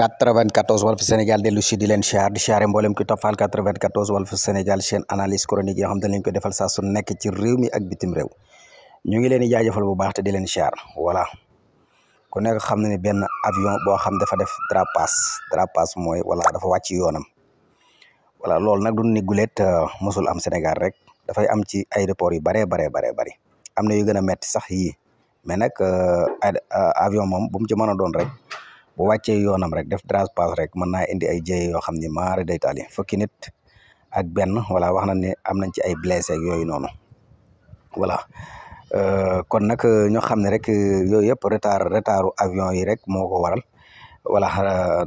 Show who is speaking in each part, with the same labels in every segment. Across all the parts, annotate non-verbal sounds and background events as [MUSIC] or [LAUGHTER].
Speaker 1: 94 Walf Sénégal dellu si di leen siyaar di siyaare mboolem ki toppal 94 Walf Sénégal seen analyse chronique yi nga xam ne lañ defal saa su nekk ci mi ak bitim réew ñu ngi leen di jaajëfal bu te di leen siyaar voilà ku nekk xam na ne benn avion boo xam dafa def drapage drapage mooy wala dafa wàcc yoonam voilà loolu nag du ni gulet euh, mosul am Sénégal rek dafay am ci aéroport yu baree baree baree bëri am na yu gën a metti sax yi mais nag euh, euh, avion moom bu mu ci mën a doon rek bu wàccee yoonam rek def drag pass rek mën naa indi ay jéye yoo xam ne maare day taali fukki nit ak benn voilà wax nañ ne am nañ ci ay blessé ak yooyu noonu voilà euh, kon nag euh, ñoo xam ne rek euh, yooyu yëpp retard retardu avion yi rek moo ko waral voilà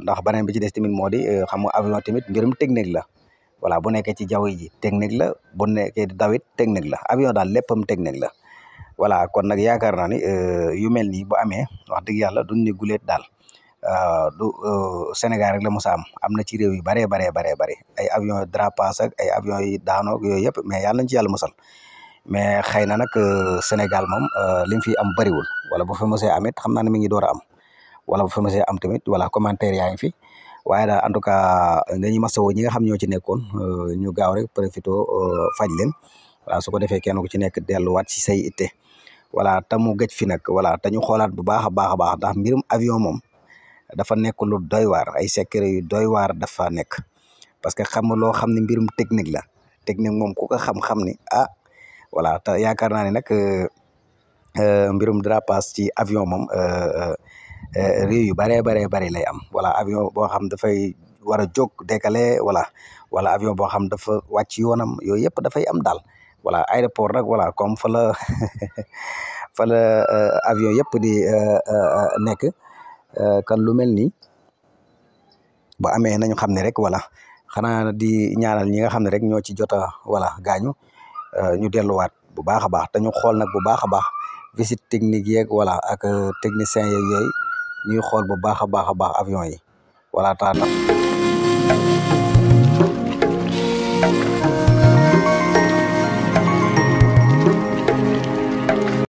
Speaker 1: ndax beneen bi ci des tamit moo di xam nga avion tamit mbirum technique la wala bu nekkee ci jaww ji technique la bu nekkee dawit technique la avion daal léppam technique la voilà kon nag yaakaar naa ni yu mel nii bu amee wax dëgg yàlla duñ ne daal du euh, Sénégal rek la mos am am na ci réew yu bëree baree baree bëri ay avion yu drapage ak ay avion yi daanoo yooyu yëpp mais yàlla nañ ci yàlla mais xëy na nag euh, Sénégal moom euh, lim fi am bariwul wala bu fa mosee am xam naa ne mi ngi door a am wala bu am tamit wala commentaire yaa ngi fi waaye daal en tout cas dañuy masawoo ñi nga xam ñoo ci nekkoon ñu gaaw rek profité faj leen waaw su ko defee kenn ku ci nekk delluwaat ci say itte voilà te mu gëj fi nag wala te ñu xoolaat bu baax a baax a baax ndax mbirum avion moom. dafa nekk lu doy waar ay secret yu doy waar dafa nekk parce que xam nga loo xam ne mbirum technique la technique moom ku ko xam-xam ni ah voilà te yaakaar naa ne nag euh, euh, mbirum dérapage ci avion moom euh, réew yu bëree baree bëri lay am voilà avion boo xam dafay war a jóg décalé voilà wala avion boo xam dafa wàcc yoonam yooyu yëpp dafay am daal voilà aéroport nag voilà comme fa la [LAUGHS] fa la avion yëpp di nekk Euh, kan lu mel nii bu amee nañu xam ne rek wala xanaa di ñaanal ñi nga xam ne rek ñoo ci jot a voilà gaañu euh, ñu delluwaat bu baax a baax dañu xool nag bu baax a baax visite technique yeeg wala ak euh, technicien yeeg yooyu ñuy xool bu baax a baax a baax avion yi voilà taata